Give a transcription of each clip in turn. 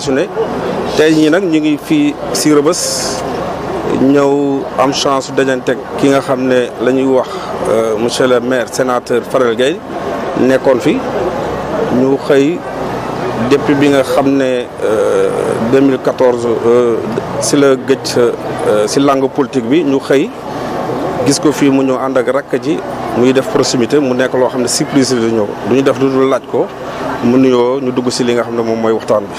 saa tey ñii nag ñu ngi fii si rëbës ñëw am chance dajanteg ki nga xam ne la ñuy wax euh, monsieur le maire sénateur Farel Gueye nekkoon fi ñu xëy depuis bi nga xam ne 2014 euh, euh, si la gëj si langue politique bi ñu xëy gis ko fii mu ñëw ànd ak rakk ji muy def proximité mu nekk loo xam ne surprise la ñëw du ñu def lu dul laaj ko mu nuyoo ñu dugg si li nga xam ne moom mooy waxtaan bi.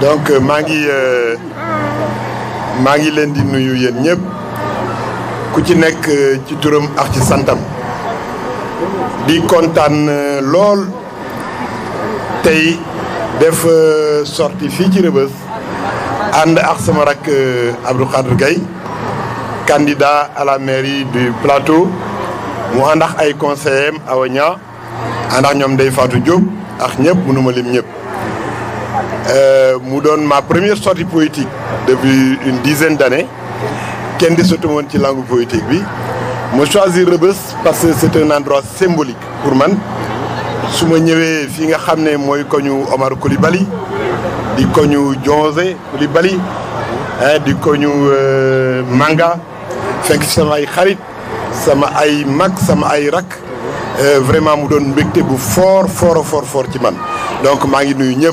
donc magi euh, magi maa euh, leen di nuyu yeen ñep ku ci nek euh, ci turam ak ci santam di contane lol tay def sorti fi ci rebeus and ak sama rak Abdou Khadre gay candidat à la mairie du plateau mu andax ay conseillers am Awa Niang ànd Fatou Diop ak ñep mënuma lim ñep Euh, mu doon ma première sortie poétique depuis une dizaine d'années kenn desatu que ci langue poétique bi ma choisir parce que c'est un endroit symbolique pour man si je ñëwee fii nga xam ne mooy koñu Omar Koulibaly, di koñu Jonze Coulibaly hein, di koñu euh, Manga fekk sama ay xarit sama ay Mak, sama ay rak euh, vraiment mu doon mbégte bu fort fort fort fort ci donc maa ngi nuyu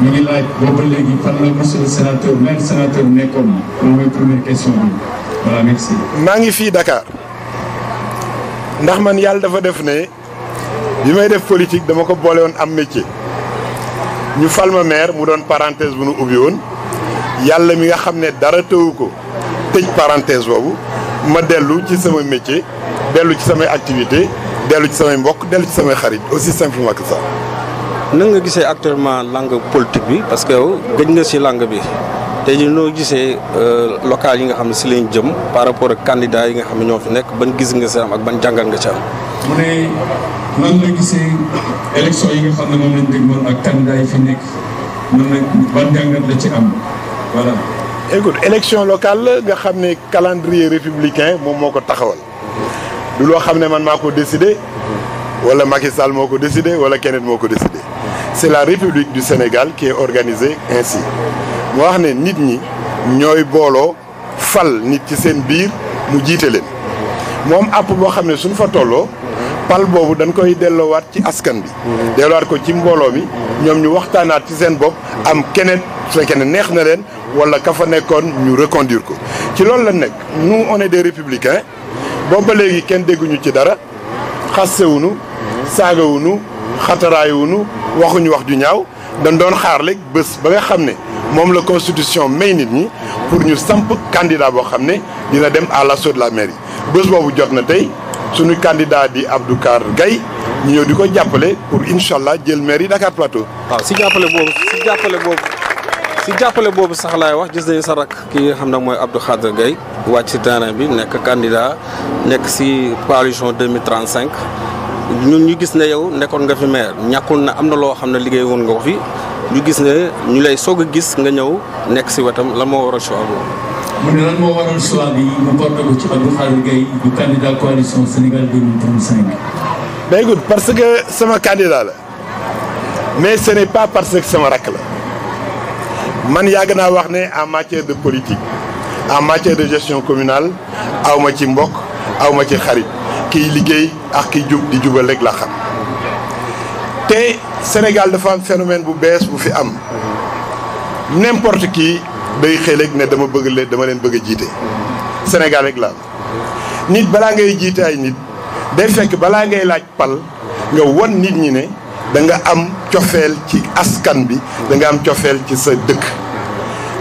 ñu léegi fan la monsieur le sénateur maa ngi fii dakaar ndax man yàlla dafa def ne bi may def politique dama ko boole woon am métier ñu fal ma mu doon parenthèse bu nu ubbi woon yàlla mi nga xam ne dara tëwu ko tëj parenthèse boobu ma dellu ci sama métier dellu ci samay activité dellu ci samay mbokk dellu ci samay xarit aussi simplement que ça. nan nga gisee actuellement langue politique bi parce que yow gëj nga ci langue bi tey jii noo gisee euh, local yi nga xam ne si lañ jëm par rapport ak candidat yi nga xam ne ñoo fi nekk ban gis nga ci ak ban jàngal nga ci am. mu ne nan nga gisee élection am voilà. écoute élection locale la nga xam ne calendrier républicain moom moo ko taxawal. du loo xam ne man maa ko décidé. wala Macky Sall moo décidé wala keneen moo ko décidé c'est la République du Sénégal qui est organisée ainsi moo wax ne nit ñi ñoy bolo fal nit ci seen biir mu jité leen mom app bo xamné suñ fa tolo pal bobu dañ koy delloowaat ci askan bi delloowaat ko ci mbolo mi ñom ñu waxtanaat ci seen bop am keneen su fekkee neex na leen wala ka fa nekkoon ñu reconduire ko ci loolu la nek nous on est des républicains bo ba légui ken déggu ñu ci dara xastewunu saagawunu xataraayuwunu waxuñu wax ju ñaaw dañ doon xaar rek bés ba nga xam ne moom la constitution may nit ñi pour ñu samp candidat boo xam ne dina dem à l'assaut de la mairie bés boobu jot na tey suñu candidat di Abdou Kaar Gaye ñu ñëw di ko jàppale pour incha allah jël mairie Dakar Plateau. waaw si jàppale boobu si jàppale boobu. si jàppale bobu sax laay wax gis nañu sa rak ki nga xam ne mooy Abdou Khadre gay wacc ci terrain bi nekk candidat nek si coalition 2035 ñun ñu gis ne yow nekkoon nga fi maire ñàkkul na am na loo xam ne liggéey woon nga ko fi ñu gis ne ñu lay soog a gis nga ñëw nekk si wetam la moo waral choix boobu. mu ne lan moo waral choix bi mu porté ko ci Abdou Khadre Gueye du candidat coalition Sénégal 2035. ben écoute parce que sama candidat la mais ce n'est pas parce que sama rak la man yàgg en matière de politique en matière de gestion communale awma en ci mbok awma ci xarit ki liggéey ak ki di rek la xam té Sénégal de am phénomène bu bu fi am n'importe qui day xëy rek dama bëgg lé dama bëgg a Sénégal rek la nit de ngay jiite ay nit day ngay pal nga won nit ñi ne da nga am tiofel ci askan bi da nga am tiofel ci sa dëkk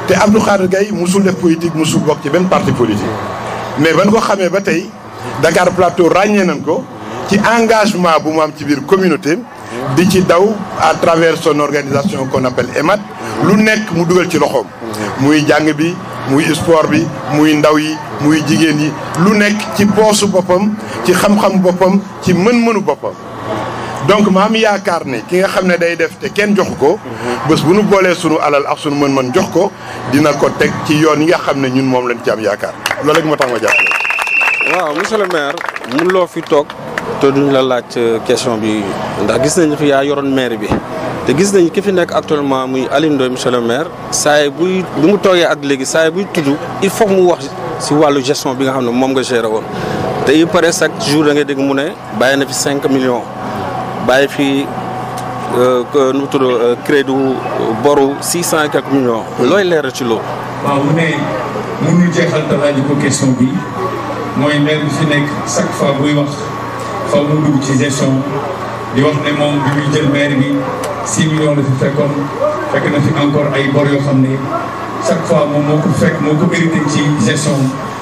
te Abdou Khadre gay musul def politique musul bok ci ben parti politique mais ban ko xamé ba Dakar Plateau ragné nan ko ci engagement bu mu am ci bir communauté di ci daw à travers son organisation qu'on appelle EMAT lu nekk mu duggal ci loxom muy jang bi muy sport bi muy ndaw yi muy jigen yi lu nekk ci poosu bopam ci xam-xam bopam ci mën-mënu bopam donc ma am yaakaar ne ki nga xamne day def te ken jox ko. bés bu nu boolee sunu alal ak sunu mën-mën jox ko dina ko tek ci yoon yi nga xam ñun mom lañ ci am yaakar loolu rek moo tax ma jàppale. waaw monsieur le maire mun lo fi tok te duñ la laacc euh, question bi ndax gis nañu fi yaa yoroon maire bi te gis nañu ki fi nekk actuellement muy Alioune Ndoye monsieur le maire saa yi buy bi mu toogee ak léegi saa yi buy tudd il faut mu wax si wàllu gestion bi nga xam ne moom nga géré woon te yu paraît chaque jour da nga dégg mu ne bàyyi na fi 5 millions. bàyyi fi euh, nu mu tudd euh, crédit euh, boru six cent et quelques looy leeral ci loolu. waaw mu ne mënul jeexal talaaju ko question bi mooy maire fi nekk chaque fois buy wax fa mu dugg ci gestion di wax ne moom bi muy jël maire bi six millions la fi fekkoon fekk na fi encore ay bor yoo xam ne chaque fois moom moo ko fekk moo ko hérité ci gestion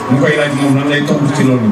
mu koy laaj moom nan lay tontu ci loolu.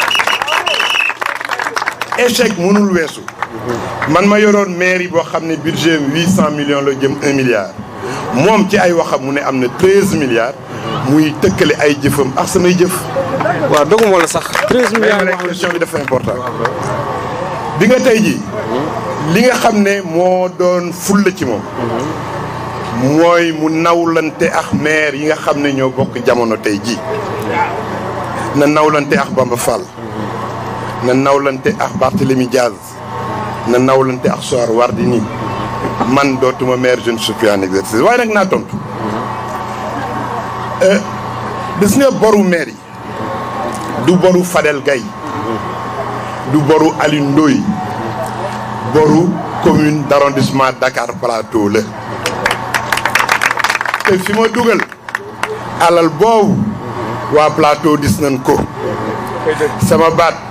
échec mënul wessu man ma yoron maire bo xamné budget 800 millions la jëm 1 milliard mom ci ay waxam mu ne am na milliards muy tëkkale ay jëfëm ak samay jëf wa doguma la sax 13 milliards la question bi dafa important bi nga tay ji li nga xamné mo doon ful ci mom moy mu nawlante ak maire yi nga xamné ño bok jamono tay ji na nawlante ak Bamba Fall na nawlante ak Barthélemy Diaz na nawlante ak Sohar Wardini man dootuma maire je ne suis plus exercice waaye nag naa tontu euh, gis nga boru maire yi du boru Fadel Gaye du boru Alioune boru commune d'arrondissement Dakar Plateau la te fi ma dugal alal boobu waa Plateau gis nañ ko sama baat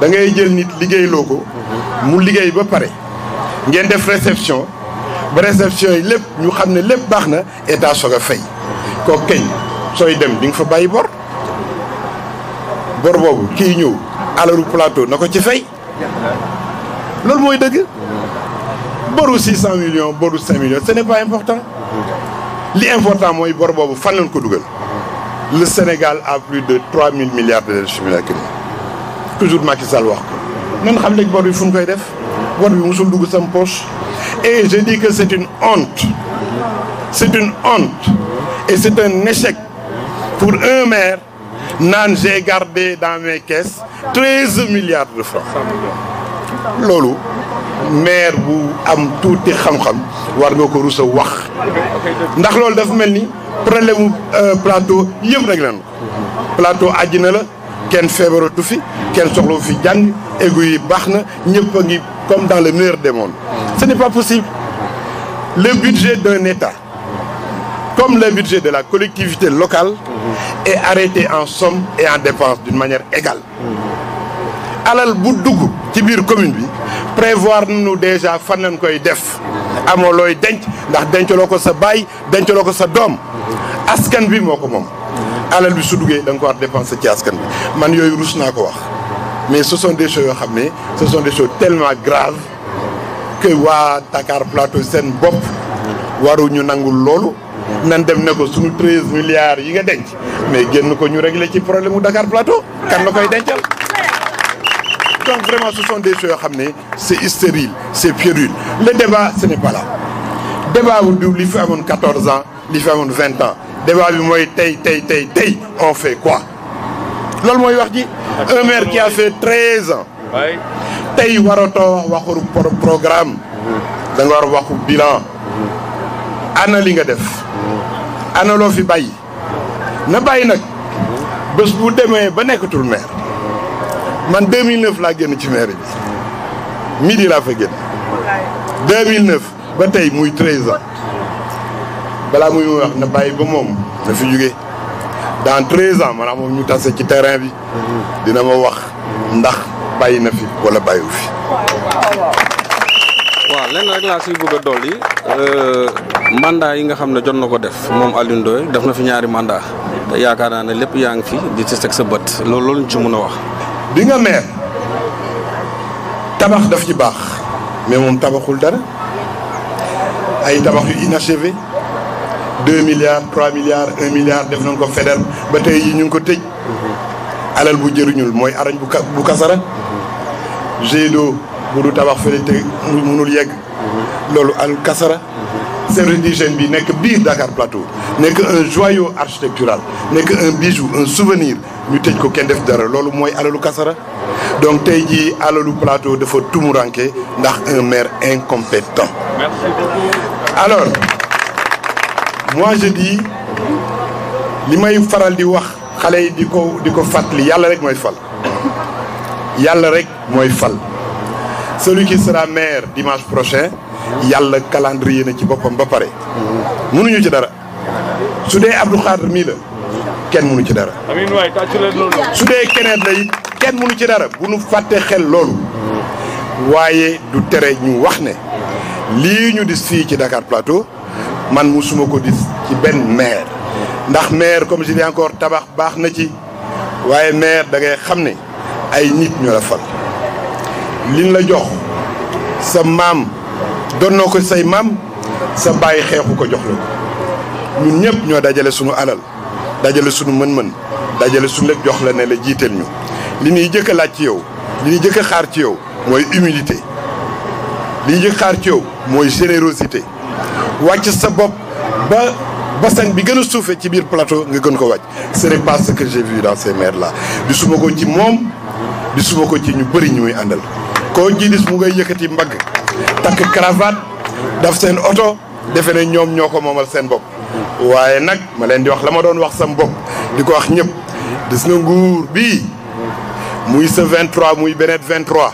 da ngay jël nit liggéeyloo ko mu liggéey ba pare ngeen def réception ba réception yi lépp ñu xam ne lépp baax na état soog a fay ko keñ sooy dem di nga fa bàyyi bor bor boobu kii ñëw alalu plateau na ko ci fay loolu mooy dëgg boru 600 millions boru 5 millions ce n'est pas important li important mooy bor boobu fan lañ ko dugal le Sénégal a plus de 3000 milliards de dettes criminelles toujours Macky Sall wax ko nan xam léegi bor bi fuñ koy def bor bi musul dugg sam poche et je dis que c'est une honte c'est une honte et c'est un échec pour un maire Nan j'ai gardé dans mes caisses 13 milliards de francs Lolo, maire bu am touti xam-xam war nga ko rus a wax ndax loolu dafa melni problème euh, plateau yëpp rek lañu plateau àjjina la fi ken fi comme dans le meilleur des mondes ce n'est pas possible le budget d'un État comme le budget de la collectivité locale mhm. est arrêté en somme et en dépense d'une manière égale mhm. alal bu dugg ci biir commune bi prévoir nous déjà fan koy def denc ndax lo ko sa denc lo ko sa mhm. askan bi alal bi su duggee da ko war dépenser ci askan bi man yooyu rus ko wax mais ce sont des choses yo xamné ce sont des choses tellement graves que wa Dakar Plateau s'est waru ñu nangul lolu nan dem ne ko suñu 13 milliards yi nga denc mais genn ko ñu régler ci problème du Dakar Plateau kan la koy dencal donc vraiment ce sont des choses yoo xam c'est stérile c'est puéril le débat ce n'est pas là débat wu du li fi amone 14 ans li fi amone 20 ans débat bi moy tay tay tay tay on fait quoi loolu moy wax ji un maire qui a fait 13 ans tey waratoo waxu programme mm-hmm. da nga war waxu bilan mm-hmm. ana li nga def mm-hmm. ana lo fi na nak bu a ba maire man 2009 la génn ci maire bi midi la fa génn 2009 ba tay muy 13 ans bala muy wax na baye ba na fi dans 13 ans je ñu ci terrain bi dina ma wax ndax na fi wala fi waaw si bëgg euh mandat yi nga xamné jot na def mom def na fi ñaari mandat ne fi di ci sa loolu ci wax bi nga tabax mais mon tabaxul dara inachevé 2 milliards 3 milliards 1 milliard def nañ ko feder ba tey yi ñu ngi ko tëj. alal bu jëriñul mooy arañ bu bu kasara. jet d'eau bu du tabax fële te mënul yegg. loolu al kasara. C'est service d'hygiène bi nek biir Dakar Plateau. nekk un joyau architectural. nekk un bijou un souvenir ñu tëj ko kenn def dara loolu mooy alalu kasara. donc tey jii alalu Plateau dafa tumuranke ndax un maire incompétent. alors. moi di li may faral di wax xale yi di ko di ko fàttali yàlla rek mooy fal yàlla rek mooy fal celui qui sera maire dimanche prochain yàlla calendrier na ci boppam ba pare mënuñu ci dara su dee Abdou Khadre mii la kenn mënu ci dara su dee keneen la it kenn mënu ci dara bu nu fàtte xel loolu waaye du tere ñu wax ne lii ñu dis fii ci Dakar Plateau man musuma ko gis ci ben maire ndax maire comme je dis encore tabax bax na ci waye maire da ngay mère, ay nit ñu la fal liñ la jox sa mam, donno ko say mam, sa qui xexu ko jox lako ñun ñep ño dajale suñu alal dajale suñu mën-mën dajale suñu jox la ne la jitel ñu jëk ci yow xaar ci yow humilité li xaar ci yow générosité sa bop ba bassin bi gëna soufé ci plateau nga ko ce n'est pas ce que j'ai vu dans ces mers là gisuma ko ci moom gisuma ko ci ñu bari ñuy andal ko ngay mbag tak cravate daf sen auto defé ne ñom ñoko momal sen bop di wax la maison. wax sam diko wax ñëpp gis nga nguur bi muy ce 23 muy qui 23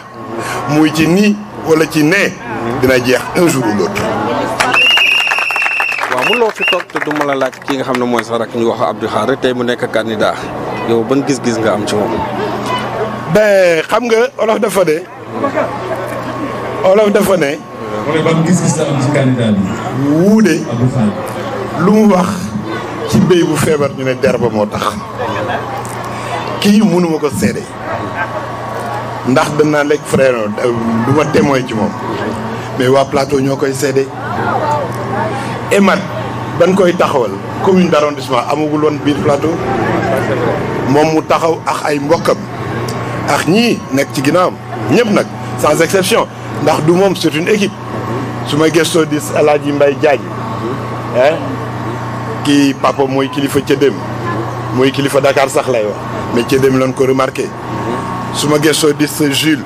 muy ci ni wala ci dina un jour ou l'autre ci tok te duma la laaj ki nga xamne moy mooy sa rak ñu wax Abdou khar tey mu nek candidat yow ban gis-gis nga am ci moom. ben xam nga olof dafa ne olof dafa ne. mu ban gis-gis am ci candidat bi. lu mu wax ci bey bu febar ñu ne derba mo tax kii mënuma mako sédé ndax danaa lek frère euh, duma ma témoin ci mom mais wa plateau ñokoy sédé emat je koy taxawal commune d'arrondissement plateau taxaw ak ay ak ci sans exception ndax du c'est une équipe suma ma aladi mbay Mbaye Diagne hein, papa kilifa kilifa Dakar sax lay mais dem ko remarqué suma ma Jules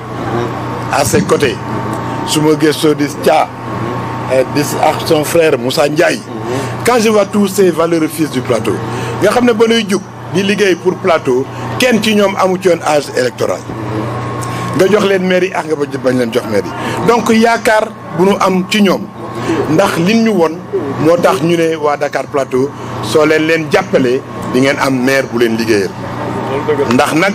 à ses côtés sous ma dis son frère Moussa quand je vois tous ces valeureux fils du plateau nga xamné ne ba nuy jug di liguey pour plateau kenn ci ñom amu ci âge électoral nga jox leen mairie ak ah, nga bañ leen jox mairie donc yaakaar bu nu am ci ñom ndax liñ ñu won motax ñu ne wa Dakar Plateau so leen leen jappelé di ngeen am maire bu leen liggéeyal ndax nak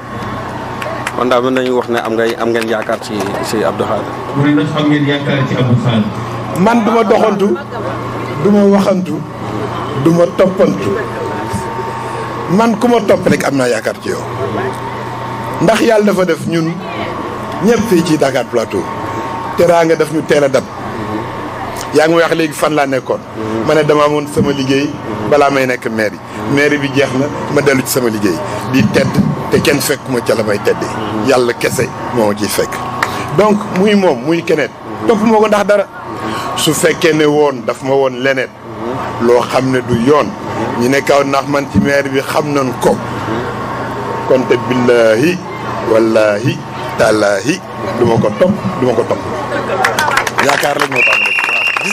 kon daal mën nañu wax ne am ngay am am ngeen yaakaar ci Abdou Khadre. man du ma doxantu du ma waxantu du ma toppantu man ku ma topp rek am naa yaakaar ci yow ndax yàlla dafa def ñun ñëpp fii ci Dakar Plateau nga def ñu teel a dab. yaa ngi wax léegi fan laa nekkoon. ma ne dama amoon sama liggéey. balaa may nekk mairie. mairie bi jeex na ma dellu ci sama liggéey. di tedd te kenn fekkuma ca la may teddee. Mhm. yàlla kese moo ma ciy fekk. donc muy moom muy keneen. Mhm. topp moo ko ndax dara. Mhm. su fekkee ne woon daf ma woon leneen. loo xam ne du yoon. ñu ne kaw ndax man ci maire bi xam nañ ko. kon te billaahi wallaahi taalaahi du ma ko topp du ko topp yaakaar lañ ma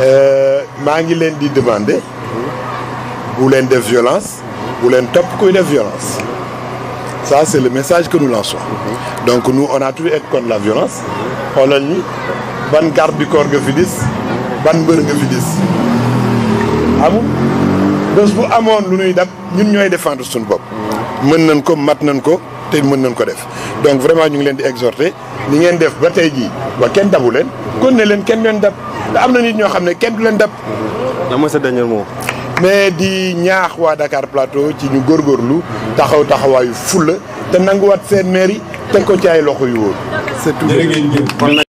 Euh, maa ngi leen di demander bu leen def violence bu leen top kuy def violence ça c'est le message que nous lançons donc nous on a toujours été contre la violence xoolal ñi ban garde du corps nga fi gis ban mbër nga fi gis amul bu lu dab ñun ñooy défendre son bop maintenant nañ ko mat nañ ko te mën nañ ko def donc vraiment ñu ngi leen di exhorter ni ngeen def ba tey wa ba kenn dabu leen kon ne leen kenn dab te am na nit ñoo xam ne kenn du leen dab. lan mooy sa dernier mot. mais di ñaax waa Dakar Plateau ci ñu góor góorgóorlu taxaw taxawaayu fulla te nanguwaat seen mairie teg ko ci ay loxo yu wóor. c'est tout.